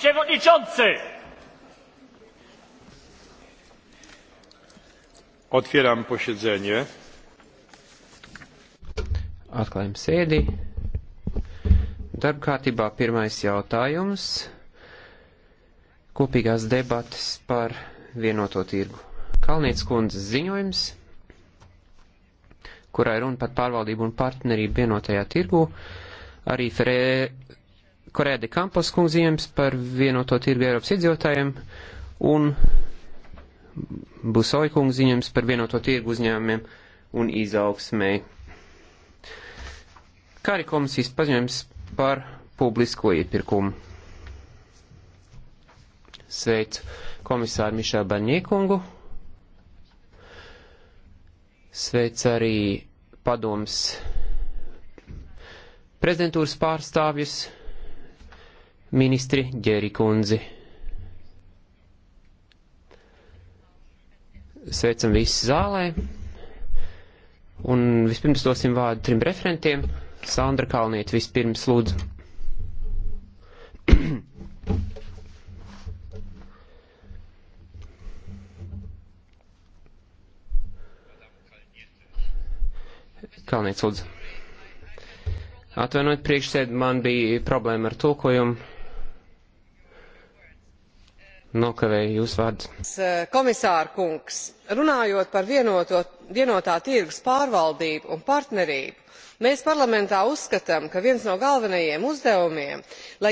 przewodniczący! Otwieram posiedzenie. Atklājam sēdi. Darbkārtībā pirmais jautājums. Kopīgās debatas par vienoto tirgu. Kalnietis kundzes ziņojums, kurā ir runa par pārvaldību un partnerību vienotajā tirgu. Arī Ferē Korēdi Kampos kungzīmes par vienoto tirgu Eiropas iedzīvotājiem un Busoja kungzīmes par vienoto tirgu uzņēmumiem un izaugsmēji. Kā arī komisijas paziņojums par publisko iepirkumu. Sveicu komisāru Mišā Baņiekungu. Sveicu arī padoms prezidentūras pārstāvjus ministri Ģēri kundzi. Sveicam visus zālē. Un vispirms dosim vārdu trim referentiem. Sandra Kalniet vispirms lūdzu. Kalniet lūdzu. Atvainojiet priekšsēd, man bija problēma ar tulkojumu. Nokavēju jūs vārdus. E, Komisāra kungs, runājot par vienoto, vienotā tirgus pārvaldību un partnerību, mēs parlamentā uzskatām, ka viens no galvenajiem uzdevumiem, lai